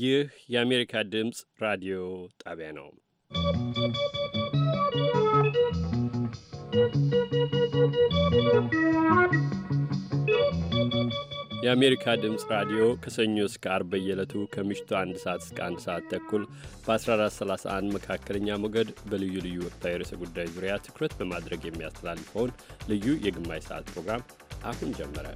ይህ የአሜሪካ ድምፅ ራዲዮ ጣቢያ ነው። የአሜሪካ ድምፅ ራዲዮ ከሰኞ እስከ አርብ በየዕለቱ ከምሽቱ አንድ ሰዓት እስከ አንድ ሰዓት ተኩል በ1431 መካከለኛ ሞገድ በልዩ ልዩ ወቅታዊ ርዕሰ ጉዳይ ዙሪያ ትኩረት በማድረግ የሚያስተላልፈውን ልዩ የግማሽ ሰዓት ፕሮግራም አሁን ጀመረ።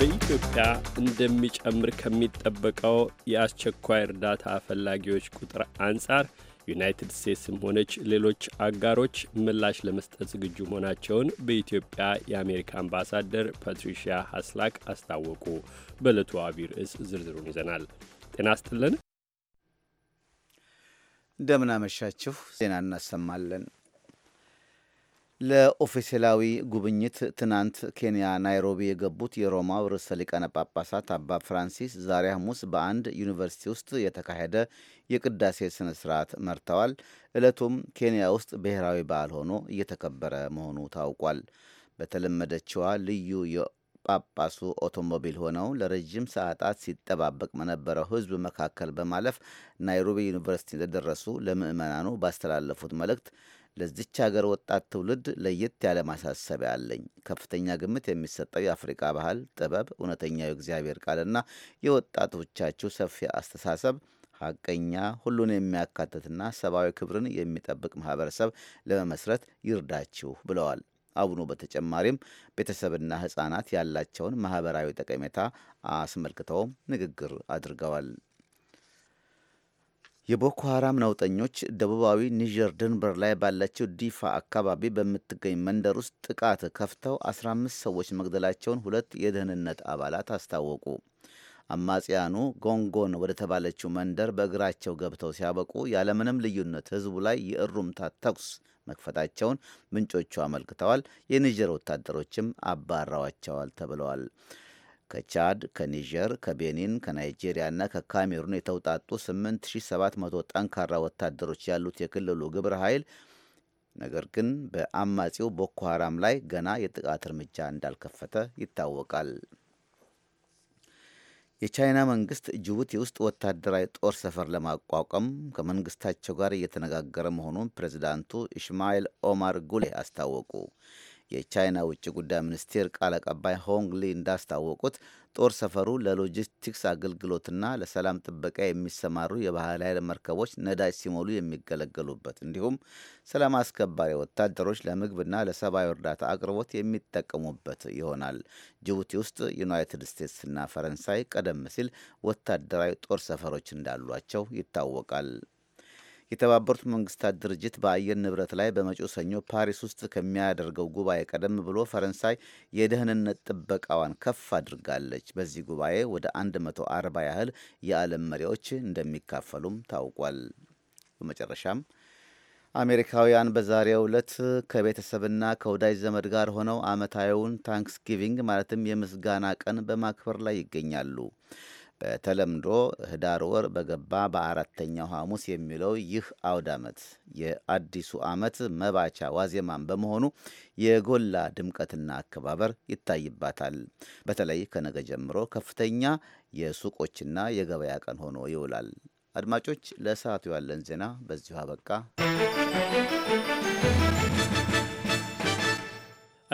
በኢትዮጵያ እንደሚጨምር ከሚጠበቀው የአስቸኳይ እርዳታ ፈላጊዎች ቁጥር አንጻር ዩናይትድ ስቴትስም ሆነች ሌሎች አጋሮች ምላሽ ለመስጠት ዝግጁ መሆናቸውን በኢትዮጵያ የአሜሪካ አምባሳደር ፓትሪሺያ ሀስላክ አስታወቁ። በዕለቱ አቢይ ርዕስ ዝርዝሩን ይዘናል። ጤና ስጥልን እንደምናመሻችሁ ዜና እናሰማለን። ለኦፊሴላዊ ጉብኝት ትናንት ኬንያ ናይሮቢ የገቡት የሮማው ርዕሰ ሊቃነ ጳጳሳት አባ ፍራንሲስ ዛሬ ሐሙስ በአንድ ዩኒቨርሲቲ ውስጥ የተካሄደ የቅዳሴ ስነ ስርዓት መርተዋል። ዕለቱም ኬንያ ውስጥ ብሔራዊ በዓል ሆኖ እየተከበረ መሆኑ ታውቋል። በተለመደችዋ ልዩ ጳጳሱ ኦቶሞቢል ሆነው ለረዥም ሰዓታት ሲጠባበቅ በነበረው ሕዝብ መካከል በማለፍ ናይሮቢ ዩኒቨርሲቲ ለደረሱ ለምዕመናኑ ባስተላለፉት መልእክት ለዚች ሀገር ወጣት ትውልድ ለየት ያለ ማሳሰቢያ አለኝ። ከፍተኛ ግምት የሚሰጠው የአፍሪቃ ባህል፣ ጥበብ፣ እውነተኛው የእግዚአብሔር ቃልና የወጣቶቻችሁ ሰፊ አስተሳሰብ ሀቀኛ ሁሉን የሚያካትትና ሰብአዊ ክብርን የሚጠብቅ ማህበረሰብ ለመመስረት ይርዳችሁ ብለዋል። አቡኑ በተጨማሪም ቤተሰብና ሕፃናት ያላቸውን ማህበራዊ ጠቀሜታ አስመልክተውም ንግግር አድርገዋል። የቦኮ ሐራም ነውጠኞች ደቡባዊ ኒጀር ድንበር ላይ ባለችው ዲፋ አካባቢ በምትገኝ መንደር ውስጥ ጥቃት ከፍተው 15 ሰዎች መግደላቸውን ሁለት የደህንነት አባላት አስታወቁ። አማጽያኑ ጎንጎን ወደ ተባለችው መንደር በእግራቸው ገብተው ሲያበቁ ያለምንም ልዩነት ህዝቡ ላይ የእሩምታ ተኩስ መክፈታቸውን ምንጮቹ አመልክተዋል። የኒጀር ወታደሮችም አባራዋቸዋል ተብለዋል። ከቻድ፣ ከኒጀር፣ ከቤኒን፣ ከናይጄሪያና ከካሜሩን የተውጣጡ 8700 ጠንካራ ወታደሮች ያሉት የክልሉ ግብረ ኃይል ነገር ግን በአማጺው ቦኮ ሀራም ላይ ገና የጥቃት እርምጃ እንዳልከፈተ ይታወቃል። የቻይና መንግስት ጅቡቲ ውስጥ ወታደራዊ ጦር ሰፈር ለማቋቋም ከመንግስታቸው ጋር እየተነጋገረ መሆኑን ፕሬዚዳንቱ ኢስማኤል ኦማር ጉሌ አስታወቁ። የቻይና ውጭ ጉዳይ ሚኒስቴር ቃል አቀባይ ሆንግ ሊ እንዳስታወቁት ጦር ሰፈሩ ለሎጂስቲክስ አገልግሎትና ለሰላም ጥበቃ የሚሰማሩ የባህር ኃይል መርከቦች ነዳጅ ሲሞሉ የሚገለገሉበት እንዲሁም ሰላም አስከባሪ ወታደሮች ለምግብና ለሰብአዊ እርዳታ አቅርቦት የሚጠቀሙበት ይሆናል። ጅቡቲ ውስጥ ዩናይትድ ስቴትስና ፈረንሳይ ቀደም ሲል ወታደራዊ ጦር ሰፈሮች እንዳሏቸው ይታወቃል። የተባበሩት መንግስታት ድርጅት በአየር ንብረት ላይ በመጪው ሰኞ ፓሪስ ውስጥ ከሚያደርገው ጉባኤ ቀደም ብሎ ፈረንሳይ የደህንነት ጥበቃዋን ከፍ አድርጋለች። በዚህ ጉባኤ ወደ 140 ያህል የዓለም መሪዎች እንደሚካፈሉም ታውቋል። በመጨረሻም አሜሪካውያን በዛሬው ዕለት ከቤተሰብና ከወዳጅ ዘመድ ጋር ሆነው ዓመታዊውን ታንክስጊቪንግ ማለትም የምስጋና ቀን በማክበር ላይ ይገኛሉ። በተለምዶ ህዳር ወር በገባ በአራተኛው ሐሙስ የሚለው ይህ አውድ ዓመት የአዲሱ ዓመት መባቻ ዋዜማን በመሆኑ የጎላ ድምቀትና አከባበር ይታይባታል። በተለይ ከነገ ጀምሮ ከፍተኛ የሱቆችና የገበያ ቀን ሆኖ ይውላል። አድማጮች፣ ለሰዓቱ ያለን ዜና በዚሁ አበቃ።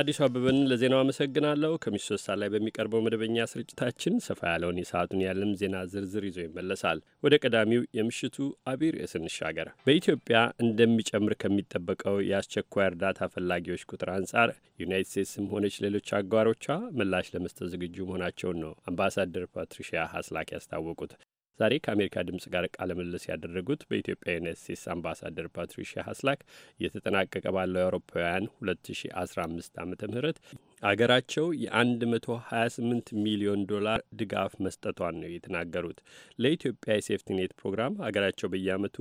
አዲሱ አበበን ለዜናው አመሰግናለሁ። ከምሽቱ ሶስት ሰዓት ላይ በሚቀርበው መደበኛ ስርጭታችን ሰፋ ያለውን የሰዓቱን የዓለም ዜና ዝርዝር ይዞ ይመለሳል። ወደ ቀዳሚው የምሽቱ አቢይ ርዕስ እንሻገር። በኢትዮጵያ እንደሚጨምር ከሚጠበቀው የአስቸኳይ እርዳታ ፈላጊዎች ቁጥር አንጻር ዩናይት ስቴትስም ሆነች ሌሎች አጋሮቿ ምላሽ ለመስጠት ዝግጁ መሆናቸውን ነው አምባሳደር ፓትሪሺያ ሀስላክ ያስታወቁት። ዛሬ ከአሜሪካ ድምጽ ጋር ቃለ ምልልስ ያደረጉት በኢትዮጵያ ዩናይት ስቴትስ አምባሳደር ፓትሪሺያ ሀስላክ እየተጠናቀቀ ባለው የአውሮፓውያን 2015 ዓ ምህረት አገራቸው የ128 ሚሊዮን ዶላር ድጋፍ መስጠቷን ነው የተናገሩት። ለኢትዮጵያ የሴፍቲኔት ፕሮግራም አገራቸው በየአመቱ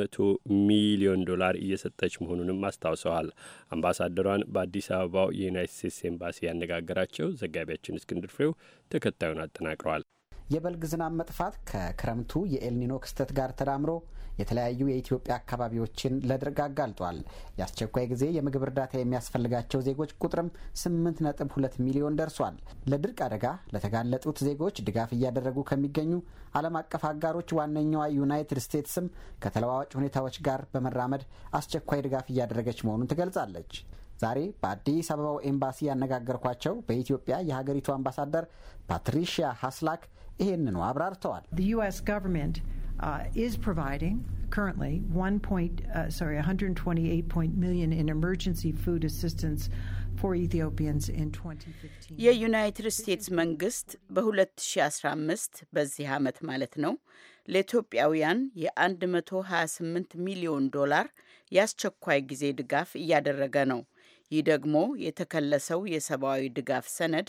100 ሚሊዮን ዶላር እየሰጠች መሆኑንም አስታውሰዋል። አምባሳደሯን በአዲስ አበባው የዩናይት ስቴትስ ኤምባሲ ያነጋገራቸው ዘጋቢያችን እስክንድር ፍሬው ተከታዩን አጠናቅረዋል። የበልግ ዝናብ መጥፋት ከክረምቱ የኤልኒኖ ክስተት ጋር ተዳምሮ የተለያዩ የኢትዮጵያ አካባቢዎችን ለድርቅ አጋልጧል። የአስቸኳይ ጊዜ የምግብ እርዳታ የሚያስፈልጋቸው ዜጎች ቁጥርም 8.2 ሚሊዮን ደርሷል። ለድርቅ አደጋ ለተጋለጡት ዜጎች ድጋፍ እያደረጉ ከሚገኙ ዓለም አቀፍ አጋሮች ዋነኛዋ ዩናይትድ ስቴትስም ከተለዋዋጭ ሁኔታዎች ጋር በመራመድ አስቸኳይ ድጋፍ እያደረገች መሆኑን ትገልጻለች። ዛሬ በአዲስ አበባው ኤምባሲ ያነጋገርኳቸው በኢትዮጵያ የሀገሪቱ አምባሳደር ፓትሪሺያ ሀስላክ ይህንኑ አብራርተዋል። ዩስ ጋቨርንመንት ኢዝ ፕሮቫይዲንግ currently 1 point, uh, sorry, 128 point million in emergency food assistance for Ethiopians in 2015. የዩናይትድ ስቴትስ መንግስት በ2015 በዚህ ዓመት ማለት ነው ለኢትዮጵያውያን የ128 ሚሊዮን ዶላር የአስቸኳይ ጊዜ ድጋፍ እያደረገ ነው። ይህ ደግሞ የተከለሰው የሰብአዊ ድጋፍ ሰነድ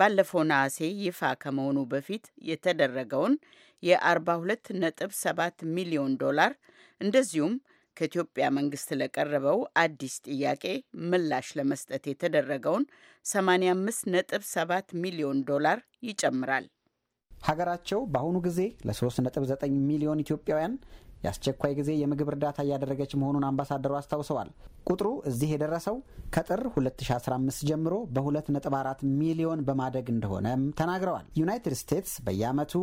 ባለፈው ነሐሴ ይፋ ከመሆኑ በፊት የተደረገውን የ42.7 ሚሊዮን ዶላር እንደዚሁም ከኢትዮጵያ መንግስት ለቀረበው አዲስ ጥያቄ ምላሽ ለመስጠት የተደረገውን 85.7 ሚሊዮን ዶላር ይጨምራል። ሀገራቸው በአሁኑ ጊዜ ለ3.9 ሚሊዮን ኢትዮጵያውያን የአስቸኳይ ጊዜ የምግብ እርዳታ እያደረገች መሆኑን አምባሳደሩ አስታውሰዋል። ቁጥሩ እዚህ የደረሰው ከጥር 2015 ጀምሮ በ2.4 ሚሊዮን በማደግ እንደሆነም ተናግረዋል። ዩናይትድ ስቴትስ በየዓመቱ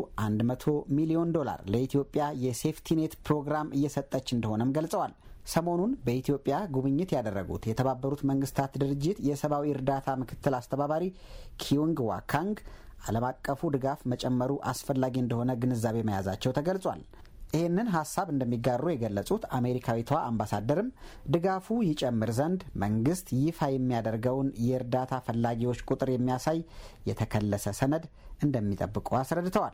100 ሚሊዮን ዶላር ለኢትዮጵያ የሴፍቲኔት ፕሮግራም እየሰጠች እንደሆነም ገልጸዋል። ሰሞኑን በኢትዮጵያ ጉብኝት ያደረጉት የተባበሩት መንግስታት ድርጅት የሰብአዊ እርዳታ ምክትል አስተባባሪ ኪዩንግ ዋካንግ ዓለም አቀፉ ድጋፍ መጨመሩ አስፈላጊ እንደሆነ ግንዛቤ መያዛቸው ተገልጿል። ይህንን ሀሳብ እንደሚጋሩ የገለጹት አሜሪካዊቷ አምባሳደርም ድጋፉ ይጨምር ዘንድ መንግስት ይፋ የሚያደርገውን የእርዳታ ፈላጊዎች ቁጥር የሚያሳይ የተከለሰ ሰነድ እንደሚጠብቁ አስረድተዋል።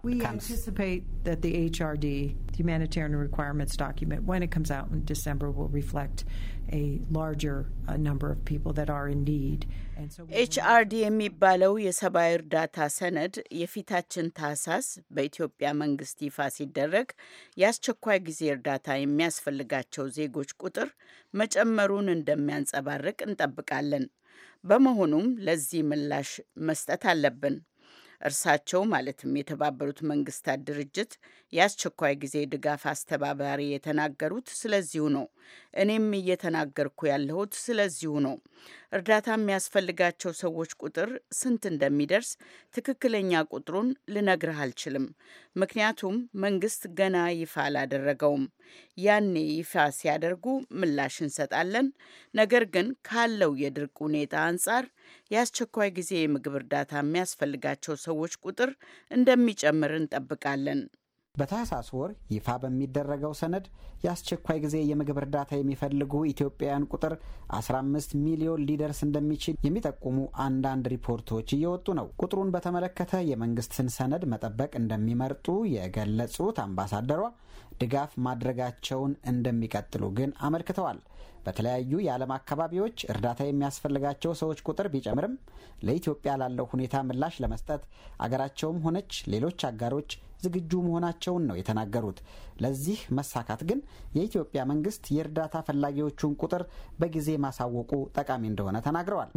ኤችአርዲ uh, የሚባለው የሰብአዊ እርዳታ ሰነድ የፊታችን ታህሳስ በኢትዮጵያ መንግስት ይፋ ሲደረግ የአስቸኳይ ጊዜ እርዳታ የሚያስፈልጋቸው ዜጎች ቁጥር መጨመሩን እንደሚያንጸባርቅ እንጠብቃለን። በመሆኑም ለዚህ ምላሽ መስጠት አለብን። እርሳቸው ማለትም የተባበሩት መንግስታት ድርጅት የአስቸኳይ ጊዜ ድጋፍ አስተባባሪ የተናገሩት ስለዚሁ ነው። እኔም እየተናገርኩ ያለሁት ስለዚሁ ነው። እርዳታ የሚያስፈልጋቸው ሰዎች ቁጥር ስንት እንደሚደርስ ትክክለኛ ቁጥሩን ልነግርህ አልችልም። ምክንያቱም መንግስት ገና ይፋ አላደረገውም። ያኔ ይፋ ሲያደርጉ ምላሽ እንሰጣለን። ነገር ግን ካለው የድርቅ ሁኔታ አንጻር የአስቸኳይ ጊዜ የምግብ እርዳታ የሚያስፈልጋቸው ሰዎች ቁጥር እንደሚጨምር እንጠብቃለን። በታህሳስ ወር ይፋ በሚደረገው ሰነድ የአስቸኳይ ጊዜ የምግብ እርዳታ የሚፈልጉ ኢትዮጵያውያን ቁጥር 15 ሚሊዮን ሊደርስ እንደሚችል የሚጠቁሙ አንዳንድ ሪፖርቶች እየወጡ ነው። ቁጥሩን በተመለከተ የመንግስትን ሰነድ መጠበቅ እንደሚመርጡ የገለጹት አምባሳደሯ ድጋፍ ማድረጋቸውን እንደሚቀጥሉ ግን አመልክተዋል። በተለያዩ የዓለም አካባቢዎች እርዳታ የሚያስፈልጋቸው ሰዎች ቁጥር ቢጨምርም ለኢትዮጵያ ላለው ሁኔታ ምላሽ ለመስጠት አገራቸውም ሆነች ሌሎች አጋሮች ዝግጁ መሆናቸውን ነው የተናገሩት። ለዚህ መሳካት ግን የኢትዮጵያ መንግስት የእርዳታ ፈላጊዎቹን ቁጥር በጊዜ ማሳወቁ ጠቃሚ እንደሆነ ተናግረዋል።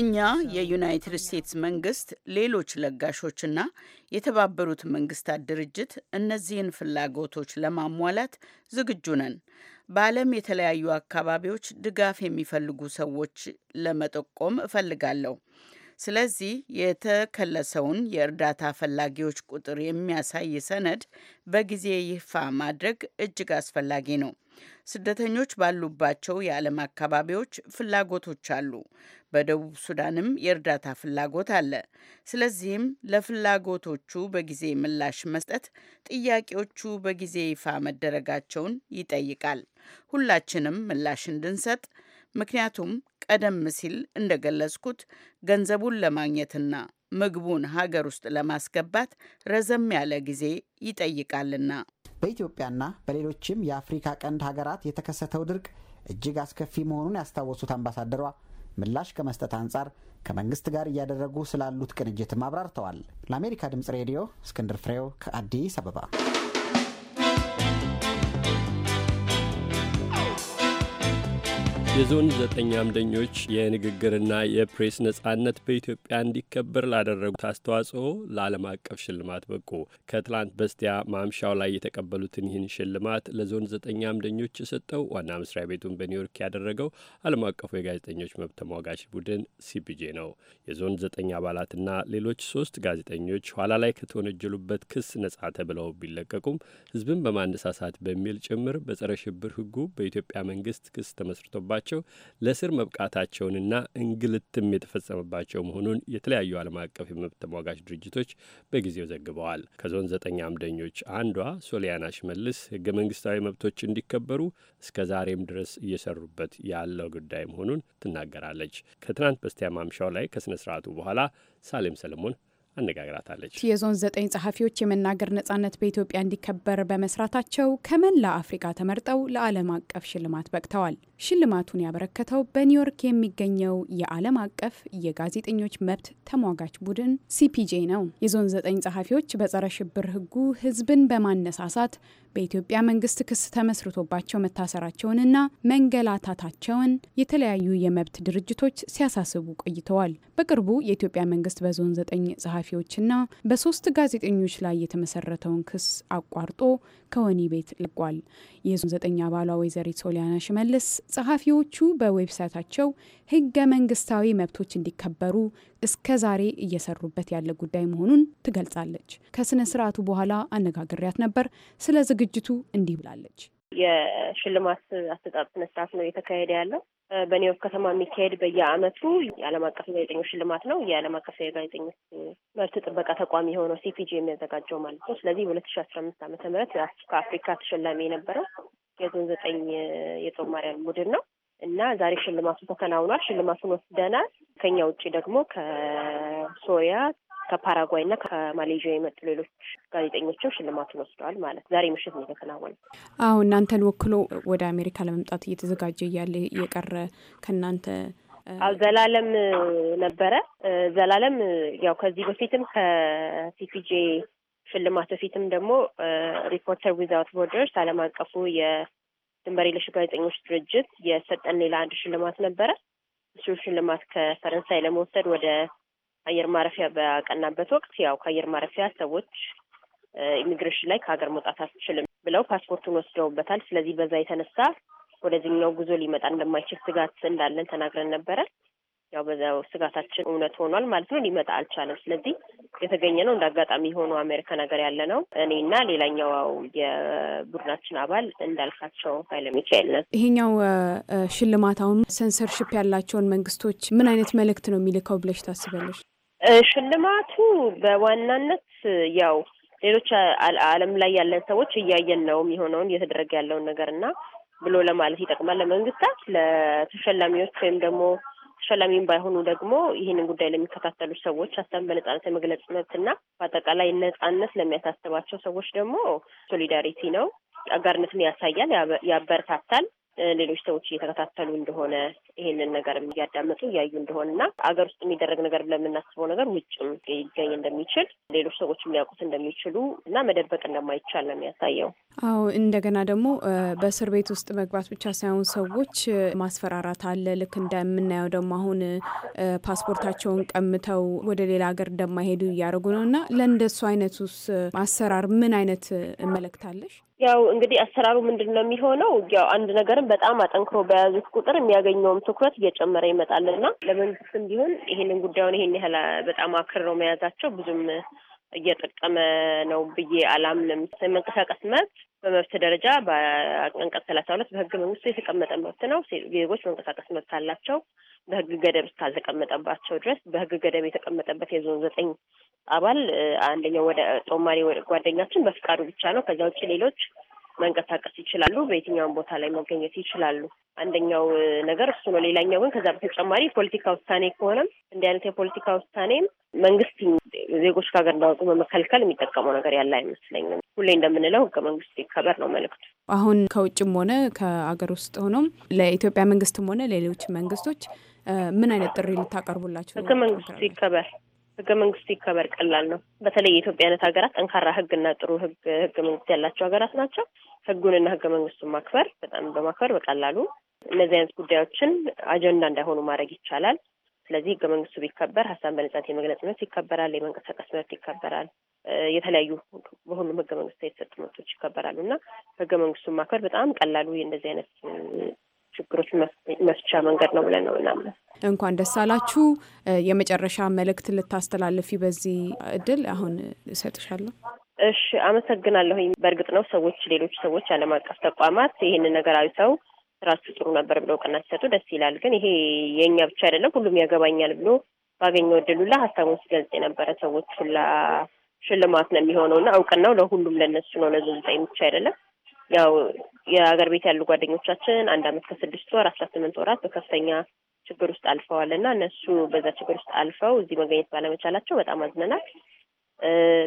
እኛ የዩናይትድ ስቴትስ መንግስት፣ ሌሎች ለጋሾችና የተባበሩት መንግስታት ድርጅት እነዚህን ፍላጎቶች ለማሟላት ዝግጁ ነን። በዓለም የተለያዩ አካባቢዎች ድጋፍ የሚፈልጉ ሰዎች ለመጠቆም እፈልጋለሁ። ስለዚህ የተከለሰውን የእርዳታ ፈላጊዎች ቁጥር የሚያሳይ ሰነድ በጊዜ ይፋ ማድረግ እጅግ አስፈላጊ ነው። ስደተኞች ባሉባቸው የዓለም አካባቢዎች ፍላጎቶች አሉ። በደቡብ ሱዳንም የእርዳታ ፍላጎት አለ። ስለዚህም ለፍላጎቶቹ በጊዜ ምላሽ መስጠት፣ ጥያቄዎቹ በጊዜ ይፋ መደረጋቸውን ይጠይቃል። ሁላችንም ምላሽ እንድንሰጥ ምክንያቱም ቀደም ሲል እንደገለጽኩት ገንዘቡን ለማግኘትና ምግቡን ሀገር ውስጥ ለማስገባት ረዘም ያለ ጊዜ ይጠይቃልና። በኢትዮጵያና በሌሎችም የአፍሪካ ቀንድ ሀገራት የተከሰተው ድርቅ እጅግ አስከፊ መሆኑን ያስታወሱት አምባሳደሯ ምላሽ ከመስጠት አንጻር ከመንግስት ጋር እያደረጉ ስላሉት ቅንጅትም አብራርተዋል። ለአሜሪካ ድምጽ ሬዲዮ እስክንድር ፍሬው ከአዲስ አበባ የዞን ዘጠኝ አምደኞች የንግግርና የፕሬስ ነጻነት በኢትዮጵያ እንዲከበር ላደረጉት አስተዋጽኦ ለዓለም አቀፍ ሽልማት በቁ። ከትላንት በስቲያ ማምሻው ላይ የተቀበሉትን ይህን ሽልማት ለዞን ዘጠኝ አምደኞች የሰጠው ዋና መስሪያ ቤቱን በኒውዮርክ ያደረገው ዓለም አቀፉ የጋዜጠኞች መብት ተሟጋች ቡድን ሲፒጄ ነው። የዞን ዘጠኝ አባላትና ሌሎች ሶስት ጋዜጠኞች ኋላ ላይ ከተወነጀሉበት ክስ ነጻ ተብለው ቢለቀቁም ህዝብን በማነሳሳት በሚል ጭምር በጸረ ሽብር ህጉ በኢትዮጵያ መንግስት ክስ ተመስርቶባቸው በመኖራቸው ለስር መብቃታቸውንና እንግልትም የተፈጸመባቸው መሆኑን የተለያዩ ዓለም አቀፍ የመብት ተሟጋች ድርጅቶች በጊዜው ዘግበዋል። ከዞን ዘጠኝ አምደኞች አንዷ ሶሊያና ሽመልስ ህገ መንግስታዊ መብቶች እንዲከበሩ እስከ ዛሬም ድረስ እየሰሩበት ያለው ጉዳይ መሆኑን ትናገራለች። ከትናንት በስቲያ ማምሻው ላይ ከሥነ ስርዓቱ በኋላ ሳሌም ሰለሞን አነጋግራታለች። የዞን ዘጠኝ ጸሐፊዎች የመናገር ነጻነት በኢትዮጵያ እንዲከበር በመስራታቸው ከመላ አፍሪካ ተመርጠው ለዓለም አቀፍ ሽልማት በቅተዋል። ሽልማቱን ያበረከተው በኒውዮርክ የሚገኘው የዓለም አቀፍ የጋዜጠኞች መብት ተሟጋች ቡድን ሲፒጄ ነው። የዞን ዘጠኝ ጸሐፊዎች በጸረ ሽብር ህጉ ህዝብን በማነሳሳት በኢትዮጵያ መንግስት ክስ ተመስርቶባቸው መታሰራቸውንና መንገላታታቸውን የተለያዩ የመብት ድርጅቶች ሲያሳስቡ ቆይተዋል። በቅርቡ የኢትዮጵያ መንግስት በዞን ዘጠኝ ጸሐፊዎችና በሶስት ጋዜጠኞች ላይ የተመሰረተውን ክስ አቋርጦ ከወህኒ ቤት ለቋል። የዞን ዘጠኝ አባሏ ወይዘሪት ሶሊያና ሽመልስ ጸሐፊዎቹ በዌብሳይታቸው ህገ መንግስታዊ መብቶች እንዲከበሩ እስከ ዛሬ እየሰሩበት ያለ ጉዳይ መሆኑን ትገልጻለች። ከስነ ስርዓቱ በኋላ አነጋግሪያት ነበር። ስለ ዝግጅቱ እንዲህ ብላለች። የሽልማት አሰጣጥ ስነ ስርዓት ነው እየተካሄደ ያለው በኒውዮርክ ከተማ የሚካሄድ በየአመቱ የዓለም አቀፍ የጋዜጠኞች ሽልማት ነው። የዓለም አቀፍ የጋዜጠኞች መብት ጥበቃ ተቋሚ የሆነው ሲፒጂ የሚያዘጋጀው ማለት ነው። ስለዚህ ሁለት ሺ አስራ አምስት አመተ ምህረት ከአፍሪካ ተሸላሚ የነበረው የዞን ዘጠኝ የጦማርያን ቡድን ነው። እና ዛሬ ሽልማቱ ተከናውኗል። ሽልማቱን ወስደናል። ከኛ ውጭ ደግሞ ከሶሪያ ከፓራጓይ እና ከማሌዥያ የመጡ ሌሎች ጋዜጠኞችም ሽልማቱን ወስደዋል። ማለት ዛሬ ምሽት ነው የተከናወነው። አዎ እናንተን ወክሎ ወደ አሜሪካ ለመምጣት እየተዘጋጀ እያለ የቀረ ከእናንተ አዎ ዘላለም ነበረ። ዘላለም ያው ከዚህ በፊትም ከሲፒጄ ሽልማት በፊትም ደግሞ ሪፖርተር ዊዛውት ቦርደርስ ዓለም አቀፉ ድንበር የለሽ ጋዜጠኞች ድርጅት የሰጠን ሌላ አንድ ሽልማት ነበረ። እሱ ሽልማት ከፈረንሳይ ለመውሰድ ወደ አየር ማረፊያ በቀናበት ወቅት ያው ከአየር ማረፊያ ሰዎች ኢሚግሬሽን ላይ ከሀገር መውጣት አትችልም ብለው ፓስፖርቱን ወስደውበታል። ስለዚህ በዛ የተነሳ ወደዚህኛው ጉዞ ሊመጣ እንደማይችል ስጋት እንዳለን ተናግረን ነበረ። ያው በዚያው ስጋታችን እውነት ሆኗል ማለት ነው። ሊመጣ አልቻለም። ስለዚህ የተገኘ ነው እንደ አጋጣሚ ሆኖ አሜሪካ ነገር ያለ ነው እኔና ሌላኛው የቡድናችን አባል እንዳልካቸው ኃይለ ሚካኤል ነን። ይሄኛው ሽልማት አሁን ሰንሰርሽፕ ያላቸውን መንግስቶች ምን አይነት መልእክት ነው የሚልከው ብለሽ ታስበለሽ? ሽልማቱ በዋናነት ያው ሌሎች ዓለም ላይ ያለን ሰዎች እያየን ነው የሚሆነውን እየተደረገ ያለውን ነገር እና ብሎ ለማለት ይጠቅማል። ለመንግስታት፣ ለተሸላሚዎች ወይም ደግሞ ተሸላሚም ባይሆኑ ደግሞ ይህንን ጉዳይ ለሚከታተሉ ሰዎች ሀሳብን በነጻነት የመግለጽ መብትና በአጠቃላይ ነጻነት ለሚያሳስባቸው ሰዎች ደግሞ ሶሊዳሪቲ ነው። አጋርነትን ያሳያል፣ ያበረታታል። ሌሎች ሰዎች እየተከታተሉ እንደሆነ ይሄንን ነገር እያዳመጡ እያዩ እንደሆነ እና አገር ውስጥ የሚደረግ ነገር ብለን ነገር ውጭም ሊገኝ እንደሚችል ሌሎች ሰዎች ሊያውቁት እንደሚችሉ እና መደበቅ እንደማይቻል ነው የሚያሳየው። አዎ እንደገና ደግሞ በእስር ቤት ውስጥ መግባት ብቻ ሳይሆን ሰዎች ማስፈራራት አለ። ልክ እንደምናየው ደግሞ አሁን ፓስፖርታቸውን ቀምተው ወደ ሌላ ሀገር እንደማይሄዱ እያደረጉ ነው እና ለእንደሱ አይነቱስ አሰራር ምን አይነት እመለክታለሽ? ያው እንግዲህ አሰራሩ ምንድን ነው የሚሆነው? ያው አንድ ነገርን በጣም አጠንክሮ በያዙት ቁጥር የሚያገኘውም ትኩረት እየጨመረ ይመጣል እና ለመንግስትም ቢሆን ይሄንን ጉዳዩን ይሄን ያህል በጣም አክርረው መያዛቸው ብዙም እየጠቀመ ነው ብዬ አላምንም። የመንቀሳቀስ መብት በመብት ደረጃ በአንቀጽ ሰላሳ ሁለት በህገ መንግስቱ የተቀመጠ መብት ነው። ዜጎች መንቀሳቀስ መብት አላቸው በህግ ገደብ እስካልተቀመጠባቸው ድረስ። በህግ ገደብ የተቀመጠበት የዞን ዘጠኝ አባል አንደኛው ወደ ጦማሪ ጓደኛችን በፍቃዱ ብቻ ነው። ከዚያ ውጭ ሌሎች መንቀሳቀስ ይችላሉ፣ በየትኛውም ቦታ ላይ መገኘት ይችላሉ። አንደኛው ነገር እሱ ነው። ሌላኛው ግን ከዛ በተጨማሪ የፖለቲካ ውሳኔ ከሆነም እንዲህ አይነት የፖለቲካ ውሳኔም መንግስት ዜጎች ከሀገር እንዳወጡ በመከልከል የሚጠቀመው ነገር ያለ አይመስለኝም። ሁሌ እንደምንለው ህገ መንግስት ይከበር ነው መልእክቱ። አሁን ከውጭም ሆነ ከአገር ውስጥ ሆኖም ለኢትዮጵያ መንግስትም ሆነ ለሌሎች መንግስቶች ምን አይነት ጥሪ ልታቀርቡላቸው? ህገ መንግስቱ ይከበር ህገ መንግስቱ ይከበር ቀላል ነው። በተለይ የኢትዮጵያ አይነት ሀገራት ጠንካራ ህግና ጥሩ ህግ ህገ መንግስት ያላቸው ሀገራት ናቸው። ህጉንና ህገ መንግስቱን ማክበር በጣም በማክበር በቀላሉ እነዚህ አይነት ጉዳዮችን አጀንዳ እንዳይሆኑ ማድረግ ይቻላል። ስለዚህ ህገ መንግስቱ ቢከበር ሀሳብ በነጻት የመግለጽ መብት ይከበራል፣ የመንቀሳቀስ መብት ይከበራል፣ የተለያዩ በሁሉም ህገ መንግስት የተሰጡ መብቶች ይከበራሉ እና ህገ መንግስቱን ማክበር በጣም ቀላሉ እንደዚህ አይነት ችግሮች መፍቻ መንገድ ነው ብለን ነው ምናምን። እንኳን ደስ አላችሁ። የመጨረሻ መልእክት ልታስተላልፊ በዚህ እድል አሁን እሰጥሻለሁ። እሺ፣ አመሰግናለሁኝ። በእርግጥ ነው ሰዎች ሌሎች ሰዎች ዓለም አቀፍ ተቋማት ይህንን ነገር አይተው ስራችሁ ጥሩ ነበር ብለው እውቅና ሲሰጡ ደስ ይላል። ግን ይሄ የእኛ ብቻ አይደለም፣ ሁሉም ያገባኛል ብሎ ባገኘው እድል ሁላ ሀሳቡን ሲገልጽ የነበረ ሰዎች ሁላ ሽልማት ነው የሚሆነው እና እውቅናው ለሁሉም ለነሱ ነው ለዞን ብቻ አይደለም። ያው የሀገር ቤት ያሉ ጓደኞቻችን አንድ አመት ከስድስት ወር አስራ ስምንት ወራት በከፍተኛ ችግር ውስጥ አልፈዋል እና እነሱ በዛ ችግር ውስጥ አልፈው እዚህ መገኘት ባለመቻላቸው በጣም አዝነናል።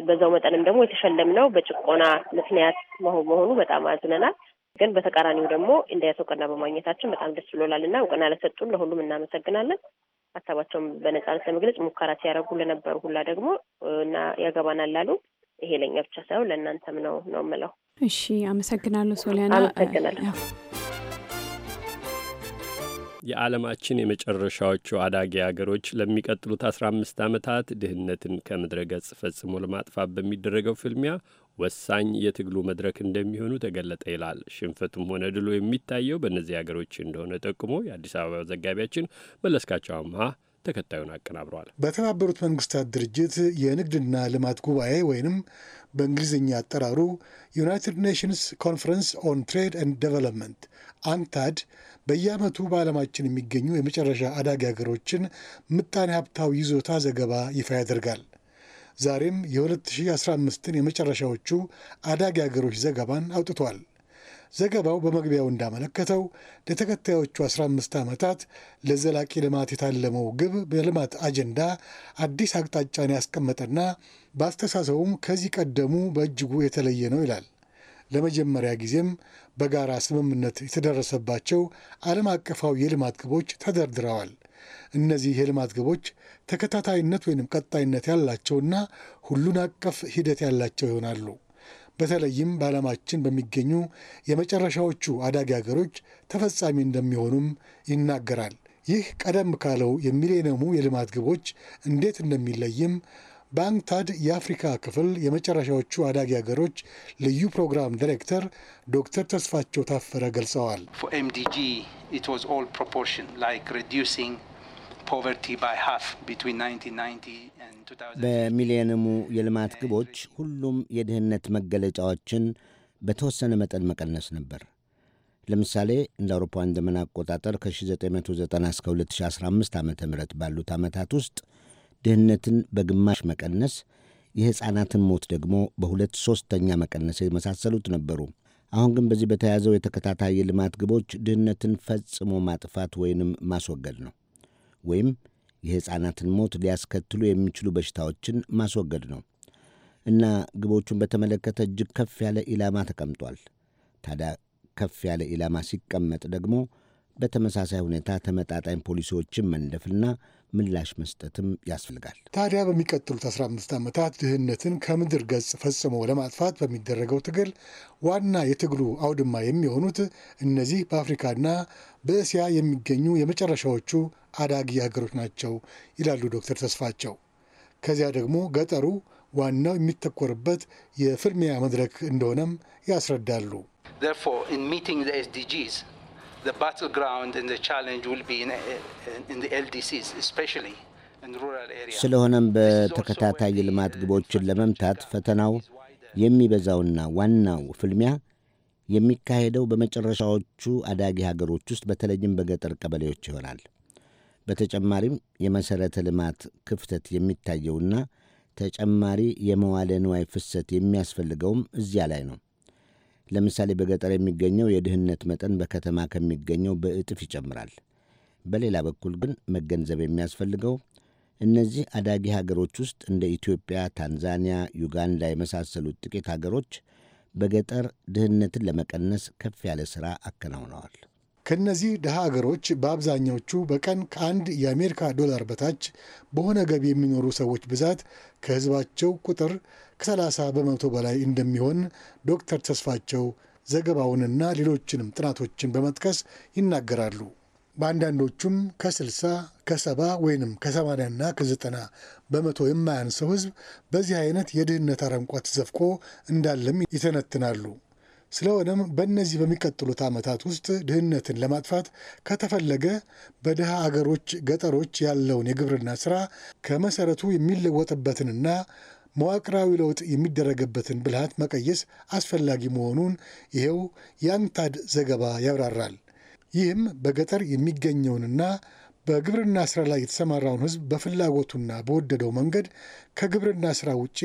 በዛው መጠንም ደግሞ የተሸለምነው በጭቆና ምክንያት መሆኑ በጣም አዝነናል። ግን በተቃራኒው ደግሞ እንዳያት እውቅና በማግኘታችን በጣም ደስ ብሎላል እና እውቅና ለሰጡን ለሁሉም እናመሰግናለን። ሀሳባቸውን በነጻነት ለመግለጽ ሙከራ ሲያደርጉ ለነበሩ ሁላ ደግሞ እና ያገባናል ላሉ ይሄ ለኛ ብቻ ሳይሆን ለእናንተም ነው ነው የምለው። እሺ፣ አመሰግናለሁ ሶሊያና። የዓለማችን የመጨረሻዎቹ አዳጊ አገሮች ለሚቀጥሉት አስራ አምስት ዓመታት ድህነትን ከምድረ ገጽ ፈጽሞ ለማጥፋት በሚደረገው ፍልሚያ ወሳኝ የትግሉ መድረክ እንደሚሆኑ ተገለጠ ይላል። ሽንፈቱም ሆነ ድሉ የሚታየው በእነዚህ አገሮች እንደሆነ ጠቁሞ የአዲስ አበባ ዘጋቢያችን መለስካቸው አምሃ ተከታዩን አቀናብረዋል። በተባበሩት መንግስታት ድርጅት የንግድና ልማት ጉባኤ ወይንም በእንግሊዝኛ አጠራሩ ዩናይትድ ኔሽንስ ኮንፈረንስ ኦን ትሬድ ኤንድ ዴቨሎፕመንት አንታድ በየዓመቱ በዓለማችን የሚገኙ የመጨረሻ አዳጊ ሀገሮችን ምጣኔ ሀብታዊ ይዞታ ዘገባ ይፋ ያደርጋል። ዛሬም የ2015ን የመጨረሻዎቹ አዳጊ ሀገሮች ዘገባን አውጥቷል። ዘገባው በመግቢያው እንዳመለከተው ለተከታዮቹ 15 ዓመታት ለዘላቂ ልማት የታለመው ግብ በልማት አጀንዳ አዲስ አቅጣጫን ያስቀመጠና በአስተሳሰቡም ከዚህ ቀደሙ በእጅጉ የተለየ ነው ይላል። ለመጀመሪያ ጊዜም በጋራ ስምምነት የተደረሰባቸው ዓለም አቀፋዊ የልማት ግቦች ተደርድረዋል። እነዚህ የልማት ግቦች ተከታታይነት ወይም ቀጣይነት ያላቸውና ሁሉን አቀፍ ሂደት ያላቸው ይሆናሉ። በተለይም በዓለማችን በሚገኙ የመጨረሻዎቹ አዳጊ ሀገሮች ተፈጻሚ እንደሚሆኑም ይናገራል። ይህ ቀደም ካለው የሚሌኒየሙ የልማት ግቦች እንዴት እንደሚለይም ባንክታድ የአፍሪካ ክፍል የመጨረሻዎቹ አዳጊ ሀገሮች ልዩ ፕሮግራም ዲሬክተር ዶክተር ተስፋቸው ታፈረ ገልጸዋል። በሚሊየንሙ የልማት ግቦች ሁሉም የድህነት መገለጫዎችን በተወሰነ መጠን መቀነስ ነበር። ለምሳሌ እንደ አውሮፓውያን ዘመን አቆጣጠር ከ1990 እስከ 2015 ዓ ም ባሉት ዓመታት ውስጥ ድህነትን በግማሽ መቀነስ፣ የሕፃናትን ሞት ደግሞ በሁለት ሦስተኛ መቀነስ የመሳሰሉት ነበሩ። አሁን ግን በዚህ በተያዘው የተከታታይ ልማት ግቦች ድህነትን ፈጽሞ ማጥፋት ወይንም ማስወገድ ነው። ወይም የሕፃናትን ሞት ሊያስከትሉ የሚችሉ በሽታዎችን ማስወገድ ነው እና ግቦቹን በተመለከተ እጅግ ከፍ ያለ ኢላማ ተቀምጧል። ታዲያ ከፍ ያለ ኢላማ ሲቀመጥ ደግሞ በተመሳሳይ ሁኔታ ተመጣጣኝ ፖሊሲዎችን መንደፍና ምላሽ መስጠትም ያስፈልጋል። ታዲያ በሚቀጥሉት 15 ዓመታት ድህነትን ከምድር ገጽ ፈጽሞ ለማጥፋት በሚደረገው ትግል ዋና የትግሉ አውድማ የሚሆኑት እነዚህ በአፍሪካና በእስያ የሚገኙ የመጨረሻዎቹ አዳጊ ሀገሮች ናቸው ይላሉ ዶክተር ተስፋቸው። ከዚያ ደግሞ ገጠሩ ዋናው የሚተኮርበት የፍልሚያ መድረክ እንደሆነም ያስረዳሉ። ስለሆነም በተከታታይ ልማት uh, ግቦችን ለመምታት ፈተናው የሚበዛውና ዋናው ፍልሚያ የሚካሄደው በመጨረሻዎቹ አዳጊ ሀገሮች ውስጥ በተለይም በገጠር ቀበሌዎች ይሆናል። በተጨማሪም የመሠረተ ልማት ክፍተት የሚታየውና ተጨማሪ የመዋለ ንዋይ ፍሰት የሚያስፈልገውም እዚያ ላይ ነው። ለምሳሌ በገጠር የሚገኘው የድህነት መጠን በከተማ ከሚገኘው በእጥፍ ይጨምራል። በሌላ በኩል ግን መገንዘብ የሚያስፈልገው እነዚህ አዳጊ ሀገሮች ውስጥ እንደ ኢትዮጵያ፣ ታንዛኒያ፣ ዩጋንዳ የመሳሰሉት ጥቂት ሀገሮች በገጠር ድህነትን ለመቀነስ ከፍ ያለ ሥራ አከናውነዋል። ከእነዚህ ድሃ ሀገሮች በአብዛኛዎቹ በቀን ከአንድ የአሜሪካ ዶላር በታች በሆነ ገቢ የሚኖሩ ሰዎች ብዛት ከህዝባቸው ቁጥር ከ30 በመቶ በላይ እንደሚሆን ዶክተር ተስፋቸው ዘገባውንና ሌሎችንም ጥናቶችን በመጥቀስ ይናገራሉ። በአንዳንዶቹም ከ60 ከ70 ወይንም ከ90 በመቶ የማያንሰው ህዝብ በዚህ አይነት የድህነት አረንቋ ተዘፍቆ እንዳለም ይተነትናሉ። ስለሆነም በእነዚህ በሚቀጥሉት ዓመታት ውስጥ ድህነትን ለማጥፋት ከተፈለገ በድሃ አገሮች ገጠሮች ያለውን የግብርና ስራ ከመሰረቱ የሚለወጥበትንና መዋቅራዊ ለውጥ የሚደረግበትን ብልሃት መቀየስ አስፈላጊ መሆኑን ይኸው የአንታድ ዘገባ ያብራራል። ይህም በገጠር የሚገኘውንና በግብርና ስራ ላይ የተሰማራውን ህዝብ በፍላጎቱና በወደደው መንገድ ከግብርና ስራ ውጪ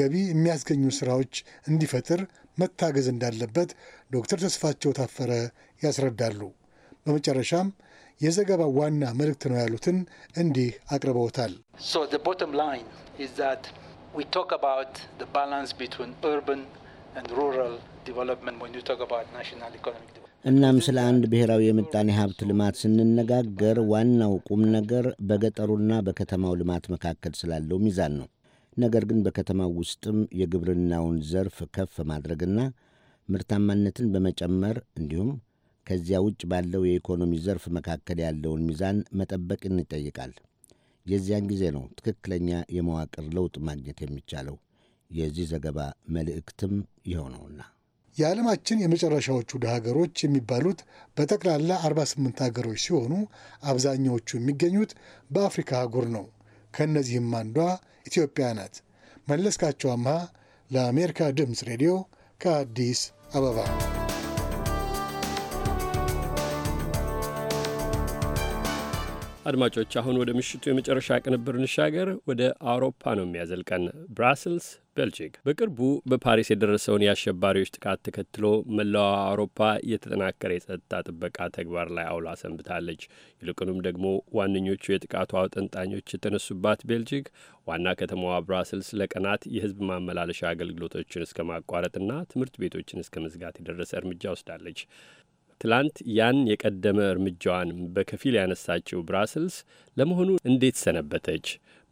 ገቢ የሚያስገኙ ስራዎች እንዲፈጥር መታገዝ እንዳለበት ዶክተር ተስፋቸው ታፈረ ያስረዳሉ። በመጨረሻም የዘገባው ዋና መልእክት ነው ያሉትን እንዲህ አቅርበውታል። እናም ስለ አንድ ብሔራዊ የምጣኔ ሀብት ልማት ስንነጋገር ዋናው ቁም ነገር በገጠሩና በከተማው ልማት መካከል ስላለው ሚዛን ነው። ነገር ግን በከተማው ውስጥም የግብርናውን ዘርፍ ከፍ ማድረግና ምርታማነትን በመጨመር እንዲሁም ከዚያ ውጭ ባለው የኢኮኖሚ ዘርፍ መካከል ያለውን ሚዛን መጠበቅን ይጠይቃል። የዚያን ጊዜ ነው ትክክለኛ የመዋቅር ለውጥ ማግኘት የሚቻለው። የዚህ ዘገባ መልእክትም የሆነውና የዓለማችን የመጨረሻዎቹ ድሃ ሀገሮች የሚባሉት በጠቅላላ 48 ሀገሮች ሲሆኑ አብዛኛዎቹ የሚገኙት በአፍሪካ አህጉር ነው። ከእነዚህም አንዷ ኢትዮጵያ ናት። መለስካቸው አምሃ ለአሜሪካ ድምፅ ሬዲዮ ከአዲስ አበባ አድማጮች አሁን ወደ ምሽቱ የመጨረሻ ቅንብር እንሻገር። ወደ አውሮፓ ነው የሚያዘልቀን። ብራስልስ ቤልጂክ በቅርቡ በፓሪስ የደረሰውን የአሸባሪዎች ጥቃት ተከትሎ መላዋ አውሮፓ የተጠናከረ የጸጥታ ጥበቃ ተግባር ላይ አውላ ሰንብታለች። ይልቁንም ደግሞ ዋነኞቹ የጥቃቱ አውጠንጣኞች የተነሱባት ቤልጂክ ዋና ከተማዋ ብራስልስ ለቀናት የሕዝብ ማመላለሻ አገልግሎቶችን እስከ ማቋረጥና ትምህርት ቤቶችን እስከ መዝጋት የደረሰ እርምጃ ወስዳለች። ትላንት ያን የቀደመ እርምጃዋን በከፊል ያነሳችው ብራስልስ ለመሆኑ እንዴት ሰነበተች?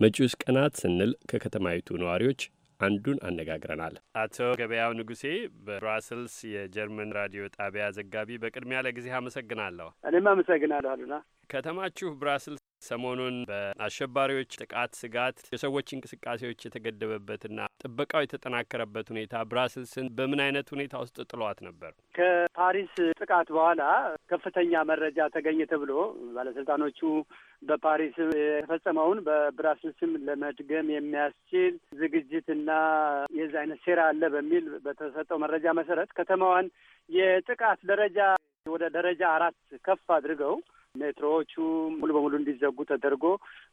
መጪውስ ቀናት ስንል ከከተማይቱ ነዋሪዎች አንዱን አነጋግረናል። አቶ ገበያው ንጉሴ በብራስልስ የጀርመን ራዲዮ ጣቢያ ዘጋቢ፣ በቅድሚያ ለጊዜ አመሰግናለሁ። እኔም አመሰግናለሁ አሉና ከተማችሁ ብራስል ሰሞኑን በአሸባሪዎች ጥቃት ስጋት የሰዎች እንቅስቃሴዎች የተገደበበትና ጥበቃው የተጠናከረበት ሁኔታ ብራስልስን በምን አይነት ሁኔታ ውስጥ ጥሏት ነበር? ከፓሪስ ጥቃት በኋላ ከፍተኛ መረጃ ተገኘ ተብሎ ባለስልጣኖቹ በፓሪስ የተፈጸመውን በብራስልስም ለመድገም የሚያስችል ዝግጅትና የዚ አይነት ሴራ አለ በሚል በተሰጠው መረጃ መሰረት ከተማዋን የጥቃት ደረጃ ወደ ደረጃ አራት ከፍ አድርገው ሜትሮዎቹ ሙሉ በሙሉ እንዲዘጉ ተደርጎ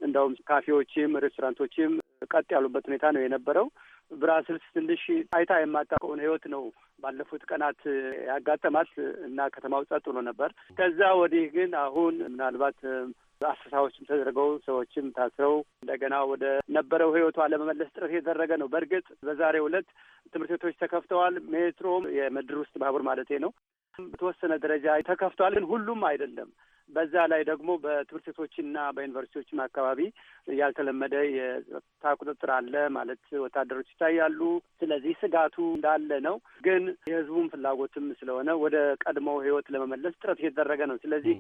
እንዳውም ካፌዎችም ሬስቶራንቶችም ቀጥ ያሉበት ሁኔታ ነው የነበረው። ብራስልስ ትንሽ አይታ የማታውቀውን ህይወት ነው ባለፉት ቀናት ያጋጠማት እና ከተማው ጸጥ ብሎ ነበር። ከዛ ወዲህ ግን አሁን ምናልባት አሰሳዎችም ተደርገው ሰዎችም ታስረው እንደገና ወደ ነበረው ህይወቷ ለመመለስ ጥረት የተደረገ ነው። በእርግጥ በዛሬ ዕለት ትምህርት ቤቶች ተከፍተዋል። ሜትሮም የምድር ውስጥ ባቡር ማለት ነው በተወሰነ ደረጃ ተከፍተዋል፣ ግን ሁሉም አይደለም። በዛ ላይ ደግሞ በትምህርት ቤቶችና በዩኒቨርሲቲዎችም አካባቢ ያልተለመደ የጸጥታ ቁጥጥር አለ ማለት ወታደሮች ይታያሉ። ስለዚህ ስጋቱ እንዳለ ነው። ግን የህዝቡን ፍላጎትም ስለሆነ ወደ ቀድሞ ህይወት ለመመለስ ጥረት እየተደረገ ነው። ስለዚህ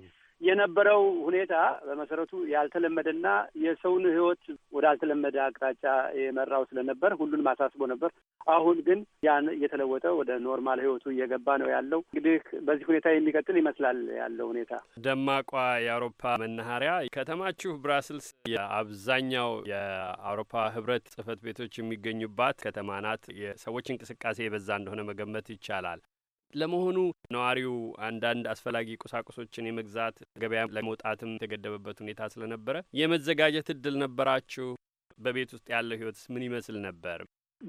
የነበረው ሁኔታ በመሰረቱ ያልተለመደና የሰውን ህይወት ወደ አልተለመደ አቅጣጫ የመራው ስለነበር ሁሉንም አሳስቦ ነበር። አሁን ግን ያን እየተለወጠ ወደ ኖርማል ህይወቱ እየገባ ነው ያለው። እንግዲህ በዚህ ሁኔታ የሚቀጥል ይመስላል ያለው ሁኔታ። ደማቋ የአውሮፓ መናኸሪያ ከተማችሁ ብራስልስ የአብዛኛው የአውሮፓ ህብረት ጽህፈት ቤቶች የሚገኙባት ከተማ ናት። የሰዎች እንቅስቃሴ የበዛ እንደሆነ መገመት ይቻላል። ለመሆኑ ነዋሪው አንዳንድ አስፈላጊ ቁሳቁሶችን የመግዛት ገበያ ለመውጣትም የተገደበበት ሁኔታ ስለነበረ የመዘጋጀት እድል ነበራችሁ? በቤት ውስጥ ያለው ህይወትስ ምን ይመስል ነበር?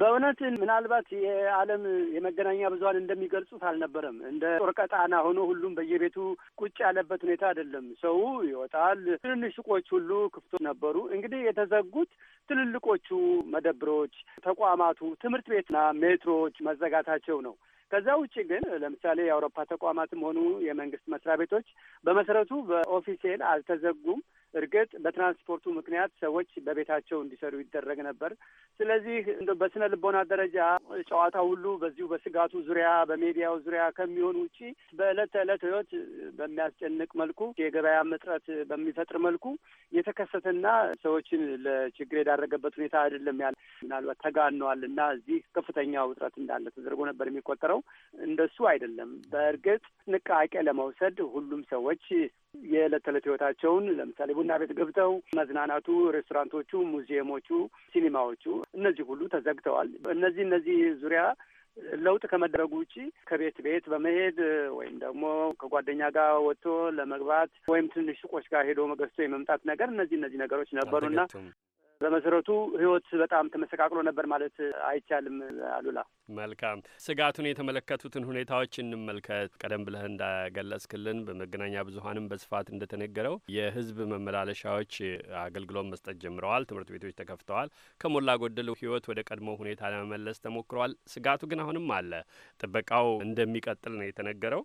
በእውነት ምናልባት የዓለም የመገናኛ ብዙኃን እንደሚገልጹት አልነበረም። እንደ ጦር ቀጣና ሆኖ ሁሉም በየቤቱ ቁጭ ያለበት ሁኔታ አይደለም። ሰው ይወጣል። ትንንሽ ሱቆች ሁሉ ክፍቶ ነበሩ። እንግዲህ የተዘጉት ትልልቆቹ መደብሮች፣ ተቋማቱ፣ ትምህርት ቤትና ሜትሮዎች መዘጋታቸው ነው። ከዛ ውጭ ግን ለምሳሌ የአውሮፓ ተቋማትም ሆኑ የመንግስት መስሪያ ቤቶች በመሰረቱ በኦፊሴል አልተዘጉም። እርግጥ በትራንስፖርቱ ምክንያት ሰዎች በቤታቸው እንዲሰሩ ይደረግ ነበር። ስለዚህ እንደ በስነ ልቦና ደረጃ ጨዋታ ሁሉ በዚሁ በስጋቱ ዙሪያ በሜዲያው ዙሪያ ከሚሆን ውጪ በዕለት ተዕለት ህይወት በሚያስጨንቅ መልኩ የገበያ እጥረት በሚፈጥር መልኩ የተከሰተና ሰዎችን ለችግር የዳረገበት ሁኔታ አይደለም ያለ ምናልባት ተጋነዋል እና እዚህ ከፍተኛ ውጥረት እንዳለ ተደርጎ ነበር የሚቆጠረው። የምንለው እንደሱ አይደለም። በእርግጥ ጥንቃቄ ለመውሰድ ሁሉም ሰዎች የዕለት ተዕለት ህይወታቸውን ለምሳሌ ቡና ቤት ገብተው መዝናናቱ፣ ሬስቶራንቶቹ፣ ሙዚየሞቹ፣ ሲኒማዎቹ እነዚህ ሁሉ ተዘግተዋል። እነዚህ እነዚህ ዙሪያ ለውጥ ከመደረጉ ውጪ ከቤት ቤት በመሄድ ወይም ደግሞ ከጓደኛ ጋር ወጥቶ ለመግባት ወይም ትንሽ ሱቆች ጋር ሄዶ መገዝቶ የመምጣት ነገር እነዚህ እነዚህ ነገሮች ነበሩና በመሰረቱ ህይወት በጣም ተመሰቃቅሎ ነበር ማለት አይቻልም። አሉላ መልካም ስጋቱን የተመለከቱትን ሁኔታዎች እንመልከት። ቀደም ብለህ እንዳገለጽክልን በመገናኛ ብዙሀንም በስፋት እንደተነገረው የህዝብ መመላለሻዎች አገልግሎት መስጠት ጀምረዋል። ትምህርት ቤቶች ተከፍተዋል። ከሞላ ጎደል ህይወት ወደ ቀድሞ ሁኔታ ለመመለስ ተሞክሯል። ስጋቱ ግን አሁንም አለ። ጥበቃው እንደሚቀጥል ነው የተነገረው።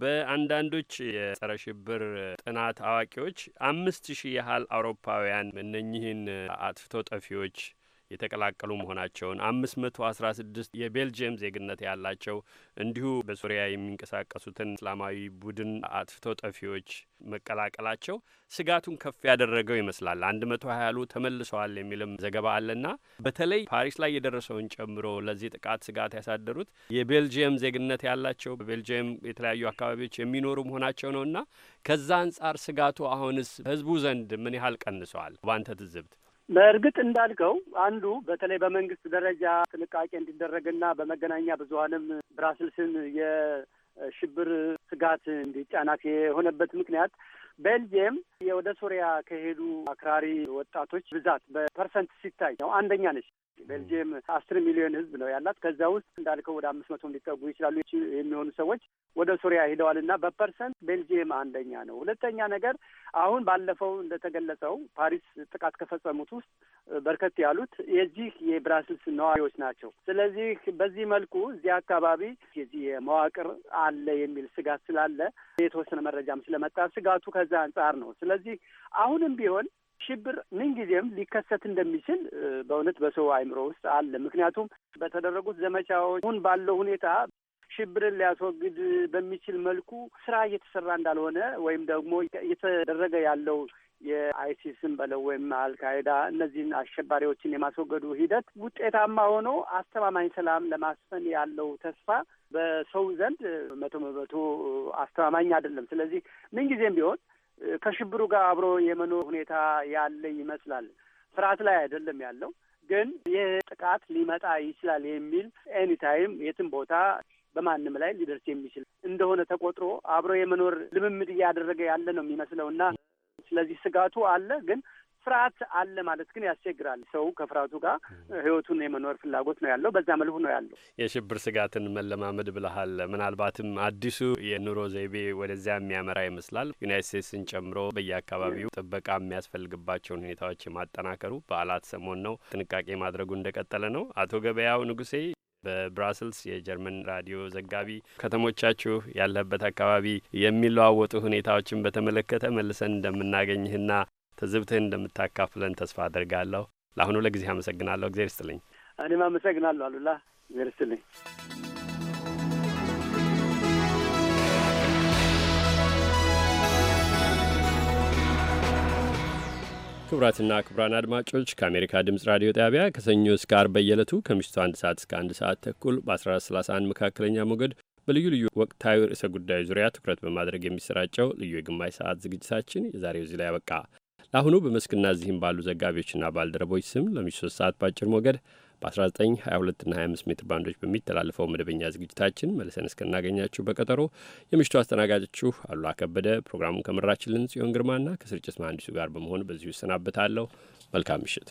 በአንዳንዶች የጸረ ሽብር ጥናት አዋቂዎች አምስት ሺህ ያህል አውሮፓውያን እነኚህን አጥፍቶ ጠፊዎች የተቀላቀሉ መሆናቸውን አምስት መቶ አስራ ስድስት የቤልጅየም ዜግነት ያላቸው እንዲሁ በሶሪያ የሚንቀሳቀሱትን እስላማዊ ቡድን አጥፍቶ ጠፊዎች መቀላቀላቸው ስጋቱን ከፍ ያደረገው ይመስላል። አንድ መቶ ሀያ ያሉ ተመልሰዋል የሚልም ዘገባ አለና በተለይ ፓሪስ ላይ የደረሰውን ጨምሮ ለዚህ ጥቃት ስጋት ያሳደሩት የቤልጅየም ዜግነት ያላቸው በቤልጅየም የተለያዩ አካባቢዎች የሚኖሩ መሆናቸው ነውና ከዛ አንጻር ስጋቱ አሁንስ ህዝቡ ዘንድ ምን ያህል ቀንሰዋል? ባንተ ትዝብት በእርግጥ እንዳልከው አንዱ በተለይ በመንግስት ደረጃ ጥንቃቄ እንዲደረግና በመገናኛ ብዙሀንም ብራስልስን የሽብር ስጋት እንዲጫናት የሆነበት ምክንያት ቤልጅየም ወደ ሶሪያ ከሄዱ አክራሪ ወጣቶች ብዛት በፐርሰንት ሲታይ ነው አንደኛ ነች። ቤልጅየም አስር ሚሊዮን ህዝብ ነው ያላት። ከዛ ውስጥ እንዳልከው ወደ አምስት መቶ እንዲጠጉ ይችላሉ የሚሆኑ ሰዎች ወደ ሶሪያ ሄደዋል እና በፐርሰንት ቤልጅየም አንደኛ ነው። ሁለተኛ ነገር አሁን ባለፈው እንደተገለጸው ፓሪስ ጥቃት ከፈጸሙት ውስጥ በርከት ያሉት የዚህ የብራስልስ ነዋሪዎች ናቸው። ስለዚህ በዚህ መልኩ እዚህ አካባቢ የዚህ የመዋቅር አለ የሚል ስጋት ስላለ የተወሰነ መረጃም ስለመጣ ስጋቱ ከዛ አንጻር ነው። ስለዚህ አሁንም ቢሆን ሽብር ምንጊዜም ሊከሰት እንደሚችል በእውነት በሰው አይምሮ ውስጥ አለ። ምክንያቱም በተደረጉት ዘመቻዎች አሁን ባለው ሁኔታ ሽብርን ሊያስወግድ በሚችል መልኩ ስራ እየተሰራ እንዳልሆነ ወይም ደግሞ እየተደረገ ያለው የአይሲስን በለው ወይም አልካይዳ እነዚህን አሸባሪዎችን የማስወገዱ ሂደት ውጤታማ ሆኖ አስተማማኝ ሰላም ለማስፈን ያለው ተስፋ በሰው ዘንድ መቶ በመቶ አስተማማኝ አይደለም። ስለዚህ ምንጊዜም ቢሆን ከሽብሩ ጋር አብሮ የመኖር ሁኔታ ያለ ይመስላል። ፍርሃት ላይ አይደለም ያለው፣ ግን ይህ ጥቃት ሊመጣ ይችላል የሚል ኤኒታይም የትም ቦታ በማንም ላይ ሊደርስ የሚችል እንደሆነ ተቆጥሮ አብሮ የመኖር ልምምድ እያደረገ ያለ ነው የሚመስለው እና ስለዚህ ስጋቱ አለ ግን ፍርሃት አለ ማለት ግን ያስቸግራል። ሰው ከፍርሃቱ ጋር ህይወቱን የመኖር ፍላጎት ነው ያለው። በዛ መልኩ ነው ያለው። የሽብር ስጋትን መለማመድ ብልሃል። ምናልባትም አዲሱ የኑሮ ዘይቤ ወደዚያ የሚያመራ ይመስላል። ዩናይት ስቴትስን ጨምሮ በየአካባቢው ጥበቃ የሚያስፈልግባቸውን ሁኔታዎች የማጠናከሩ በዓላት ሰሞን ነው። ጥንቃቄ ማድረጉ እንደቀጠለ ነው። አቶ ገበያው ንጉሴ በብራስልስ የጀርመን ራዲዮ ዘጋቢ፣ ከተሞቻችሁ ያለበት አካባቢ የሚለዋወጡ ሁኔታዎችን በተመለከተ መልሰን እንደምናገኝህና ትዝብትህን እንደምታካፍለን ተስፋ አድርጋለሁ። ለአሁኑ ለጊዜ አመሰግናለሁ። እግዜር ይስጥልኝ። እኔም አመሰግናለሁ አሉላ። እግዜር ይስጥልኝ። ክቡራትና ክቡራን አድማጮች ከአሜሪካ ድምጽ ራዲዮ ጣቢያ ከሰኞ እስከ አርብ በየዕለቱ ከምሽቱ አንድ ሰዓት እስከ አንድ ሰዓት ተኩል በ1431 መካከለኛ ሞገድ በልዩ ልዩ ወቅታዊ ርዕሰ ጉዳዮች ዙሪያ ትኩረት በማድረግ የሚሰራጨው ልዩ የግማሽ ሰዓት ዝግጅታችን የዛሬው እዚህ ላይ አበቃ። ለአሁኑ በመስክና እዚህም ባሉ ዘጋቢዎችና ባልደረቦች ስም ለምሽቱ ሶስት ሰዓት በአጭር ሞገድ በ 1922 22 25 ሜትር ባንዶች በሚተላለፈው መደበኛ ዝግጅታችን መልሰን እስክናገኛችሁ በቀጠሮ የምሽቱ አስተናጋጆችሁ አሉላ ከበደ፣ ፕሮግራሙን ከመራችልን ጽዮን ግርማና ከስርጭት መሐንዲሱ ጋር በመሆን በዚሁ ይሰናበታለሁ። መልካም ምሽት።